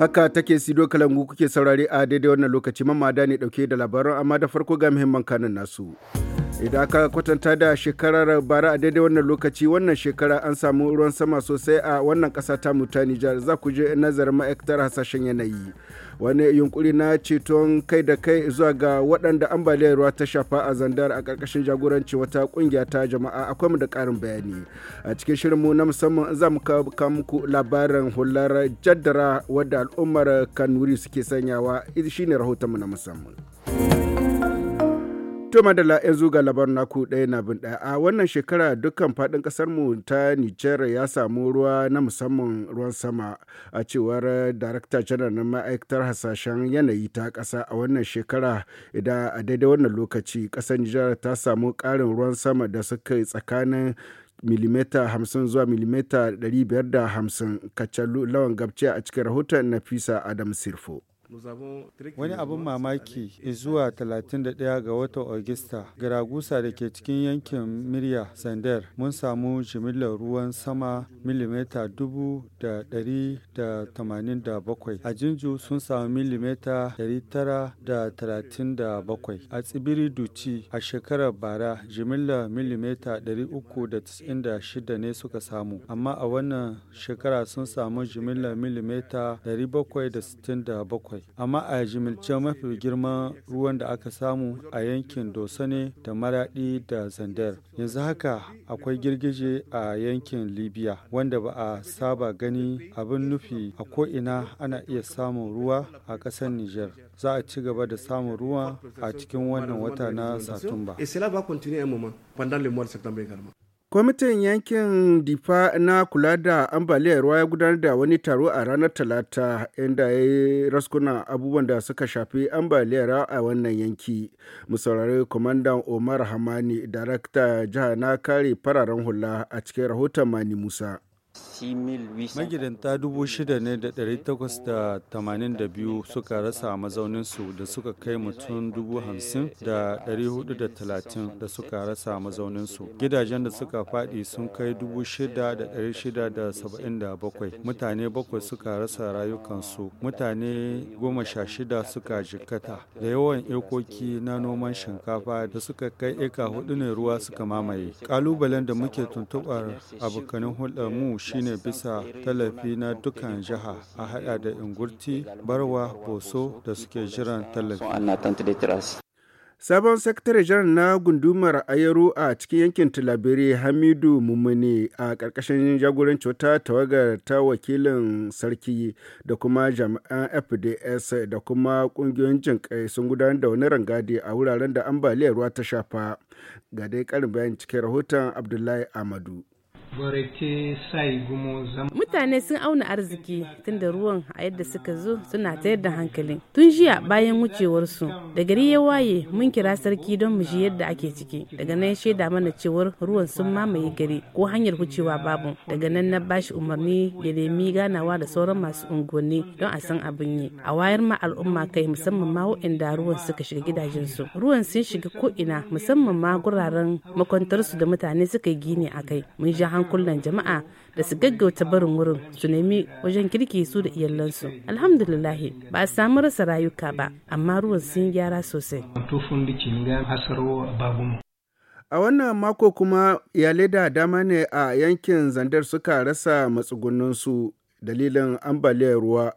Haka take Sido Kalangu kuke saurare a daidai wannan lokaci mamada ne dauke da labaran amma da farko ga muhimman kanin nasu. idan aka kwatanta da shekarar bara a daidai wannan lokaci wannan shekara an samu ruwan sama sosai a wannan kasa ta muta nijar za ku je nazarin ma'aikatar hasashen yanayi wani yunkuri na ceton kai da kai zuwa ga waɗanda ambaliyar ruwa ta shafa a zandar a ƙarƙashin jagoranci wata ƙungiya ta jama'a akwai mu da ƙarin bayani a cikin shirinmu na musamman za mu kawo muku labarin hular jaddara wadda al'ummar kanuri suke sanyawa shine mu na musamman. To madala yanzu ga labar naku ɗaya na bin ɗaya a wannan shekara dukkan faɗin ƙasarmu ta Nijar ya samu ruwa na musamman ruwan sama a cewar Darakta Janar na ma'aikatar hasashen yanayi ta ƙasa a wannan shekara idan a daidai wannan lokaci ƙasar Nijar ta samu ƙarin ruwan sama da suka yi tsakanin milimeta 50 zuwa milimeta 550 kacalu lawan gabce a cikin rahoton Nafisa Adam Sirfo. Wani abin mamaki zuwa 31 ga watan Agusta, Garagusa da ke cikin yankin Mirya Sander mun samu jimillar ruwan sama milimeta bakwai. A Jinju sun samu milimeta bakwai. A tsibiri Duci a shekarar bara jimillar milimeta 396 ne suka samu, amma a wannan shekara sun samu jimillar milimeta bakwai. bakwai amma a jimilce mafi girman ruwan da aka samu a yankin dosane da maradi da zandar yanzu haka akwai girgije a yankin libya wanda ba a saba gani abin nufi a ko'ina ana iya samun ruwa a ƙasar niger za a ci gaba da samun ruwa a cikin wannan wata na satumba Kwamitin yankin Difa na kula da ambaliyar ruwa ya gudanar da wani taro a ranar Talata inda ya yi raskunan abubuwan da suka shafi ambaliyar a wannan yanki. Mu saurari Kwamandan Omar Hamani, Darakta Jiha na kare fararen hula a cikin rahoton Mani Musa. magidanta 6,882 suka rasa mazauninsu da suka kai mutum 50,430 da suka rasa mazauninsu gidajen da suka faɗi sun kai 6,677 mutane bakwai suka rasa rayukansu mutane goma sha shida suka jikata da yawan ikoki na noman shinkafa da suka kai eka hudu ne ruwa suka mamaye ƙalubalen da muke tuntuɓar abokanin hulɗar mu shine ne bisa tallafi na dukkan jiha a hada da ingurti barwa boso da suke jiran tallafi Sabon sakatare jiran na gundumar ayaru a cikin yankin Tilabiri Hamidu Mumuni a ƙarƙashin jagoranci wata tawagar ta wakilin sarki da kuma jami'an FDS da kuma ƙungiyoyin jinƙai sun gudanar da wani rangadi a wuraren da ambaliyar ruwa ta shafa. Ga dai ƙarin bayan cikin rahoton Abdullahi Amadu. Mutane sun auna arziki tun da ruwan a yadda suka zo suna ta yadda hankali. Tun jiya bayan wucewarsu da gari ya waye mun kira sarki don mu ji yadda ake ciki. Daga nan shaida mana cewar ruwan sun mamaye gari ko hanyar wucewa babu. Daga nan na bashi umarni ya nemi ganawa da sauran masu unguwanni don a san abin yi. A wayar ma al'umma kai musamman ma waɗanda ruwan suka shiga gidajensu. Ruwan sun shiga ko ina musamman ma guraren makwantarsu da mutane suka yi gini a kai. Mun ji hankali kullum jama'a da su gaggauta barin wurin su nemi wajen kirki su da iyalansu alhamdulillahi ba a samu rasa rayuka ba amma ruwan sun gyara sosai a wannan mako kuma iyalai da dama ne a yankin zandar suka rasa matsugunninsu dalilin ambaliyar ruwa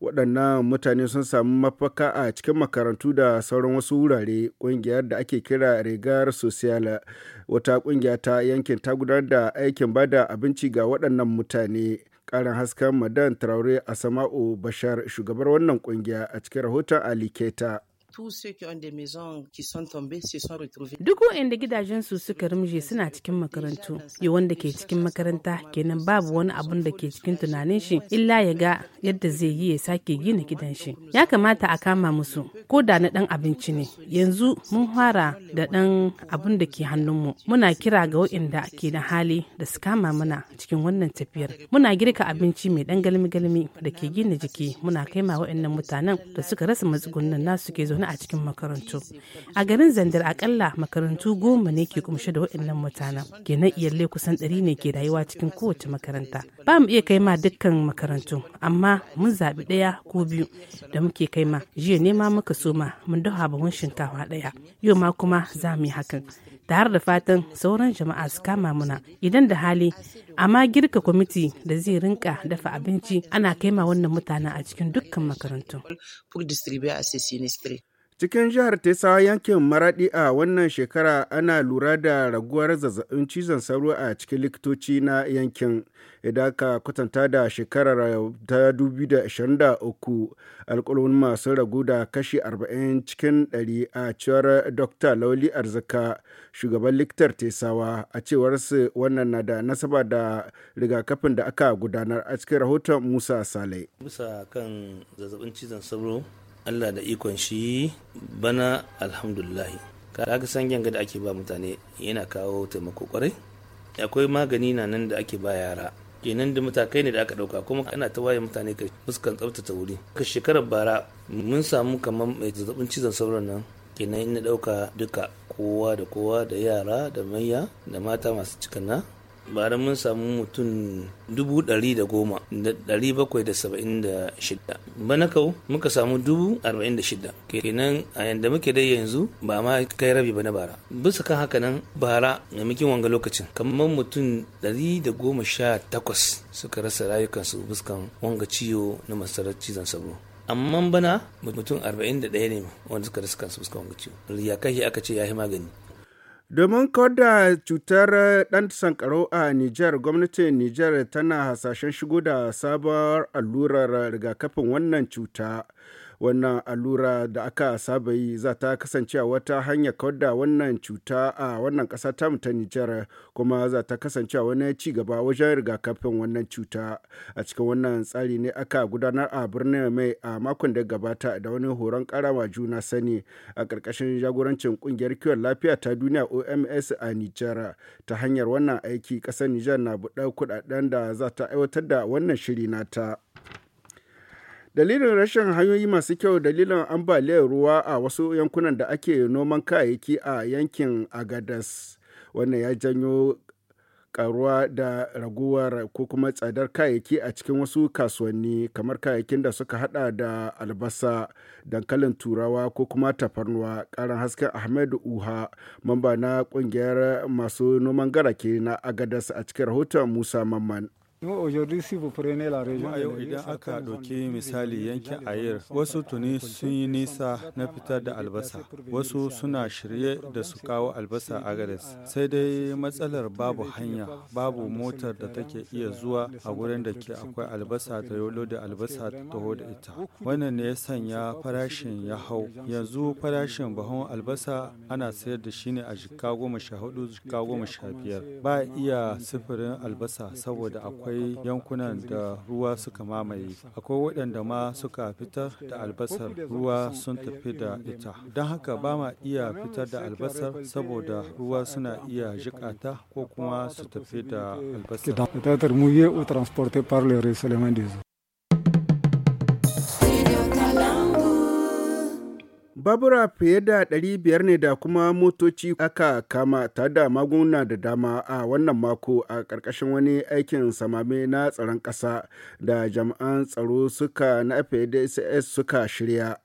waɗannan mutane sun samu mafaka a cikin makarantu da sauran wasu wurare ƙungiyar da ake kira rigar social wata ƙungiya ta yankin ta gudanar da aikin ba da abinci ga waɗannan mutane ƙarin hasken madan traore a sama'o bashar shugabar wannan ƙungiya a cikin rahoton ali keta tous ceux qui ont des maisons qui sont tombées se sont retrouvés. Duk waɗanda su suka rumje suna cikin makarantu. Ya wanda ke cikin makaranta kenan babu wani abun da ke cikin tunanin shi illa ya ga yadda zai yi ya sake gina gidan shi. Ya kamata a kama musu ko da na ɗan abinci ne. Yanzu mun fara da ɗan abun da ke hannunmu. Muna kira ga waɗanda ke da hali da su kama mana cikin wannan tafiyar. Muna girka abinci mai ɗan galmi-galmi da ke gina jiki muna kai ma waɗannan mutanen da suka rasa matsugunan nasu ke zaune a cikin makarantu a garin zandar akalla makarantu goma ne ke kumshe da waɗannan mutanen kenan iyalle kusan ɗari ne ke rayuwa cikin kowace makaranta ba mu iya kai ma dukkan makarantu amma mun zaɓi ɗaya ko biyu da muke kai ma jiya ne ma muka ma mun dafa buhun shinkafa ɗaya yau ma kuma za mu yi hakan Da har da fatan sauran jama'a su kama muna idan da hali amma girka kwamiti da zai rinka dafa abinci ana kai ma wannan mutanen a cikin dukkan makarantu. Cikin jihar Tesawa yankin Maraɗi a wannan shekara ana lura da raguwar zazzabin cizon sauro a cikin likitoci na yankin. Idan aka kwatanta da shekarar ta 2023 alƙalwin masu ragu da kashi 40 cikin 100 a cewar Dr. Lauli Arzika, shugaban likitar Tesawa a cewar su wannan na da nasaba da rigakafin da aka gudanar a cikin rahoton Musa Sale. Bisa kan zazzabin cizon sauro allah da ikon shi bana alhamdulahi san yanga da ake ba mutane yana kawo taimako kwarai akwai magani na nan da ake ba yara kenan da matakai ne da aka dauka kuma ana ta waye mutane ka fuskan tsaftace wuri ka shekarar bara mun samu kamar mai zazzabin cizon sauran nan kenan ina dauka duka kowa da kowa da yara da manya da mata masu cikana bara mun samu mutum dubu ɗari da goma da ɗari bakwai da saba'in da shida na kau muka samu dubu arba'in da shida kenan a yanda muke dai yanzu ba ma kai rabi ba na bara bisa kan haka nan bara muke wanga lokacin kamar mutum ɗari da goma sha takwas suka rasa rayukansu buskan wanga ciwo na masarar cizon sabo amma bana mutum arba'in da daya ne wanda suka rasa kansu suka wanga ciwo riya kai aka ce ya yi magani Domin kawar cutar ɗan sankaro a Nijar, gwamnatin Nijar tana hasashen shigo da sabuwar allurar rigakafin wannan cuta. wannan allura da aka saba yi za ta kasance wata hanya kawar da wannan cuta a wannan kasa tamu ta nijar kuma za ta kasance wani ci gaba wajen rigakafin wannan cuta a cikin wannan tsari ne aka gudanar a birnin mai a makon da gabata da wani horon karawa juna sani a ƙarƙashin jagorancin ƙungiyar kiwon lafiya ta duniya oms a nijar ta hanyar wannan aiki ƙasar nijar na buɗa kuɗaɗen da za ta aiwatar da wannan shiri nata. Dalilin rashin hanyoyi masu kyau dalilin ambaliyar ruwa a wasu yankunan da ake noman kayayyaki a yankin Agadas. Wannan ya janyo karuwa da raguwar ko kuma tsadar kayayyaki a cikin wasu kasuwanni kamar kayayyakin da suka hada da albasa dankalin turawa ko kuma tafarnuwa karin hasken ahmed uha mamba na kungiyar masu noman garake na agadas a cikin rahoton musa mamman a yau idan aka ɗauki misali yankin Ayer, wasu tuni sun yi nisa na fitar da albasa, wasu suna shirye da su kawo albasa a Gares. Sai dai matsalar babu hanya, babu motar da take iya zuwa a wurin da ke akwai albasa ta yolo da albasa ta taho da ita. Wannan ne ya sanya farashin ya hau. Yanzu farashin bahon albasa ana sayar da shi ne a jika goma sha hudu, jika goma sha biyar. Ba iya sifirin albasa saboda akwai akwai yankunan da ruwa suka mamaye akwai waɗanda ma suka fitar da albasar ruwa sun tafi da ita don haka ba ma iya fitar da albasar saboda ruwa suna iya jikata ko kuma su tafi da albasar Babura fiye da biyar ne da kuma motoci aka kama ta da magunguna da dama a wannan mako a ƙarƙashin wani aikin samame na tsaron ƙasa da jami'an tsaro suka na FADSS suka shirya.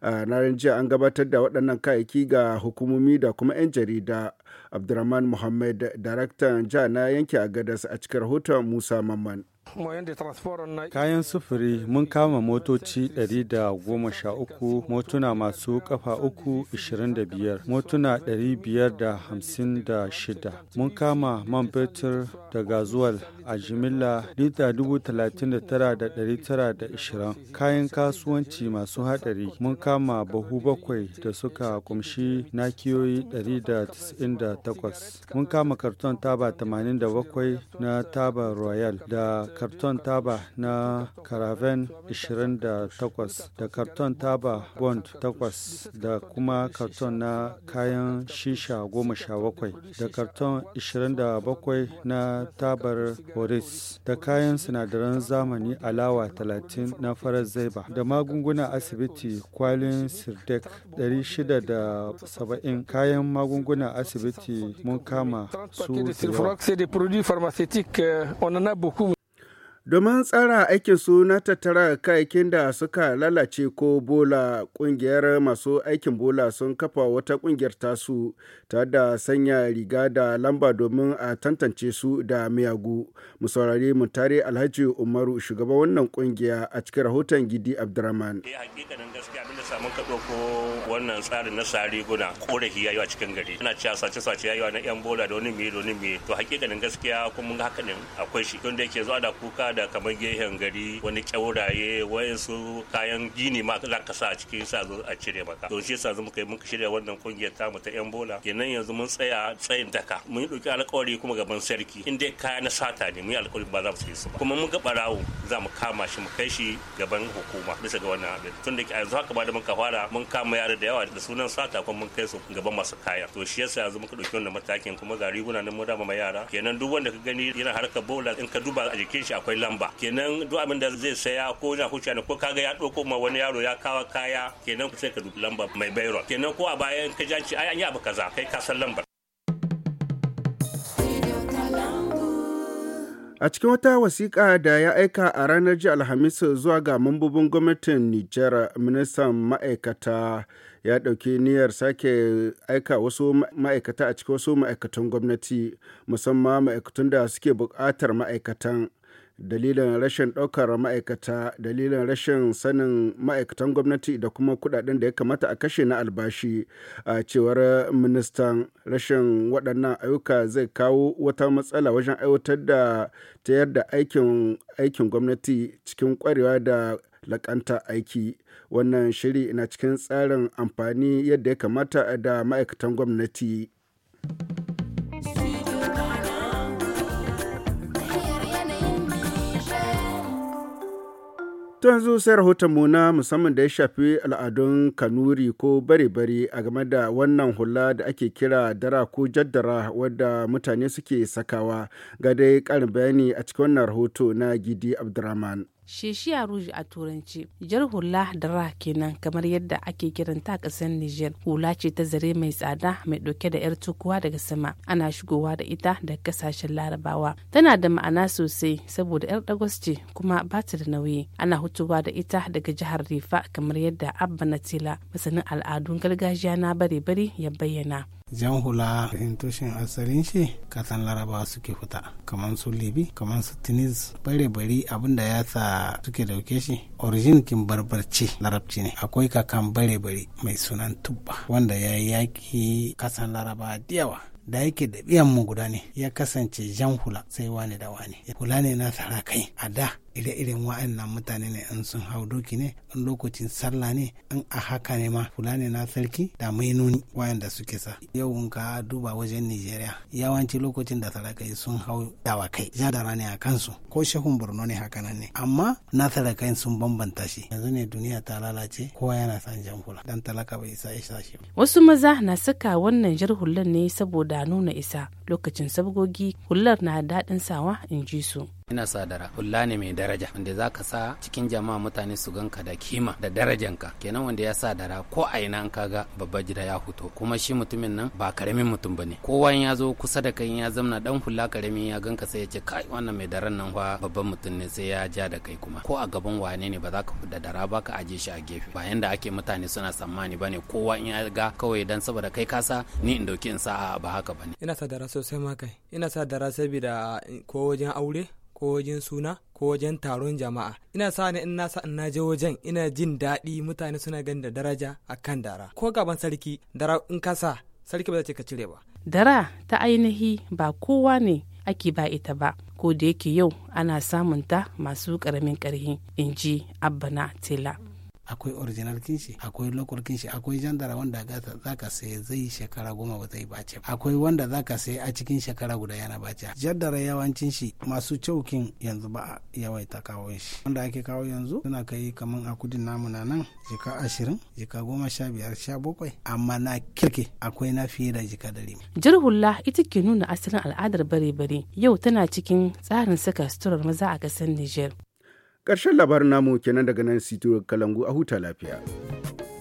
a ranar jiya an gabatar da waɗannan kayayyaki ga hukumomi da kuma 'yan jarida abdulrahman muhammad daraktan ja na a gadas a cikin rahoton musa mamman Kayan sufuri mun kama motoci 113 motuna masu kafa uku 25 motuna 556 mun kama man fetur da gazuwal a jimilla lita 39,920 kayan kasuwanci masu haɗari mun kama bahu bakwai da suka kumshi nakiyoyi 198 mun kama karton taba 87 na taba royal da karton taba na caravan 28 da karton taba bond 8 da kuma karton na kayan shisha 17 da karton 27 na tabar boris da kayan sinadaran zamani alawa 30 na farar zaiba da magunguna asibiti kwalin sirdek 670 kayan magunguna asibiti mun kama su Domin tsara aikinsu na tattara kayakin da suka lalace ko bola kungiyar masu aikin bola sun kafa wata kungiyar tasu ta da sanya riga da lamba domin a tantance su da miyagu. Mu saurari tare Alhaji Umaru shugaban wannan kungiya a cikin rahoton Gidi Abdurrahman. Eh hakikanin gaskiya abinda samun ka ko wannan tsarin na sari guna korafi yayi a cikin gari. Ana cewa na yan bola da wani me da wani To hakikanin gaskiya kuma haka ne akwai shi don da yake zuwa da kuka ka da kamar gehen gari wani kyauraye wayansu kayan gini ma za ka sa a cikin sa zo a cire maka don shi yasa muka yi muka shirya wannan kungiyar tamu ta yan bola kenan yanzu mun tsaya tsayin daka mun dauki alƙawari kuma gaban sarki in dai kaya na sata ne mun yi alƙawari ba za mu sai su ba kuma mun ga barawo za mu kama shi mu kai shi gaban hukuma bisa ga wannan abin tun da yanzu haka ba da muka fara mun kama yara da yawa da sunan sata kuma mun kai su gaban masu kaya to shi yasa yanzu muka dauki wannan matakin kuma ga riguna nan mun raba ma yara kenan duk wanda ka gani yana harkar bola in ka duba a jikin shi akwai lamba kenan duk abin da zai saya ko na huce ko kaga ya ɗauko ma wani yaro ya kawo kaya kenan sai ka dubi lamba mai bayron kenan ko a bayan ka janci ai an yi abu kaza kai ka san lambar A cikin wata wasiƙa da ya aika a ranar ji Alhamis zuwa ga mambobin gwamnatin Nijar, ministan ma'aikata ya ɗauki niyyar sake aika wasu ma'aikata a cikin wasu ma'aikatan gwamnati, musamman ma'aikatan da suke buƙatar ma'aikatan. dalilin rashin ɗaukar ma'aikata dalilin rashin sanin ma'aikatan gwamnati da kuma kudaden da ya kamata a kashe na albashi a cewar ministan rashin waɗannan ayyuka zai kawo wata matsala wajen aiwatar da ta da aikin aikin gwamnati cikin kwarewa da lakanta aiki wannan shiri na cikin tsarin amfani yadda ya kamata da ma'aikatan gwamnati. To yanzu sai rahotonmu na musamman da ya shafi al'adun kanuri ko bare-bare a game da wannan hula da ake kira dara ko jaddara wadda mutane suke sakawa ga dai ƙarin bayani a cikin wannan rahoto na Gidi Abdurrahman. shishiya rouge a turanci jar hula da ra kenan kamar yadda ake kiranta a ƙasar niger hula ce ta zare mai tsada mai dauke da yar tukuwa daga sama ana shigowa da ita da kasashen larabawa tana da ma'ana sosai saboda yar dagos ce kuma ba ta da nauyi ana hutuwa da ita daga jihar rifa kamar yadda abba na natila masanin al'adun gargajiya na bare-bare ya bayyana jan hula in tushen asalin shi kasan laraba suke fita kamar su libi kamar su tunis bare bari abinda ya sa suke dauke shi origin kin barbarci larabci ne akwai kakan bare bari mai sunan tubba wanda ya yaki kasan laraba da da yake da biyan mu guda ne ya kasance jan hula sai wani da wani hula ne na sarakai a da ire-iren wa'annan mutane ne in sun hau doki ne in lokacin sallah ne in a haka ne ma fulani na sarki da mainuni wa'anda suke sa yau in ka duba wajen nigeria yawanci lokacin da talakai sun hau dawakai jadara rani a kansu ko shehun borno ne haka nan ne amma na sarakai sun bambanta shi yanzu ne duniya ta lalace kowa yana san jan hula dan talaka bai isa isa shi wasu maza na saka wannan jar hular ne saboda nuna isa lokacin sabgogi hular na daɗin sawa in ji su ina sadara hulla ne mai daraja wanda za ka sa cikin jama'a mutane su ganka da kima da darajanka kenan wanda ya sadara ko a ina ka ga. babba gida ya fito. kuma shi mutumin nan ba karamin mutum bane kowa in ya zo kusa da kai ya zamna dan hulla karamin ya ganka sai ya ce kai wannan mai daran nan fa babban mutum ne sai ya ja da kai kuma ko a gaban wane ne ba za ka fudda dara ba ka aje shi a gefe ba yanda ake mutane suna tsammani bane kowa in ya ga kawai dan saboda kai kasa ni in dauki in sa'a ba haka bane ina sadara sosai ma kai ina sadara saboda eh, ko wajen aure ko wajen suna ko wajen taron jama'a ina sa ni in nasa in naje wajen ina jin daɗi mutane suna ganin da daraja a kan dara ko gaban sarki dara in ka sarki ba zai ce ka cire ba dara ta ainihi ba kowa ne ake ba ita ba ko da yake yau ana samunta masu ƙaramin ƙarhi in ji abba na tela akwai original kinshi akwai local kinshi akwai jandara wanda zaka sai zai shekara goma ba zai bace ba. akwai wanda zaka sai a cikin shekara guda yana bace jandara yawancin shi masu cokin yanzu ba a yawaita kawo shi wanda ake kawo yanzu suna kai kaman a kudin namu na nan jika ashirin jika goma sha biyar sha bakwai amma na kirke akwai na fiye da jika dari jarhulla ita ke nuna asalin al'adar bare-bare yau tana cikin tsarin saka suturar maza a ƙasar niger Ƙarshen labarin namu kenan daga nan Sito Kalangu a huta lafiya.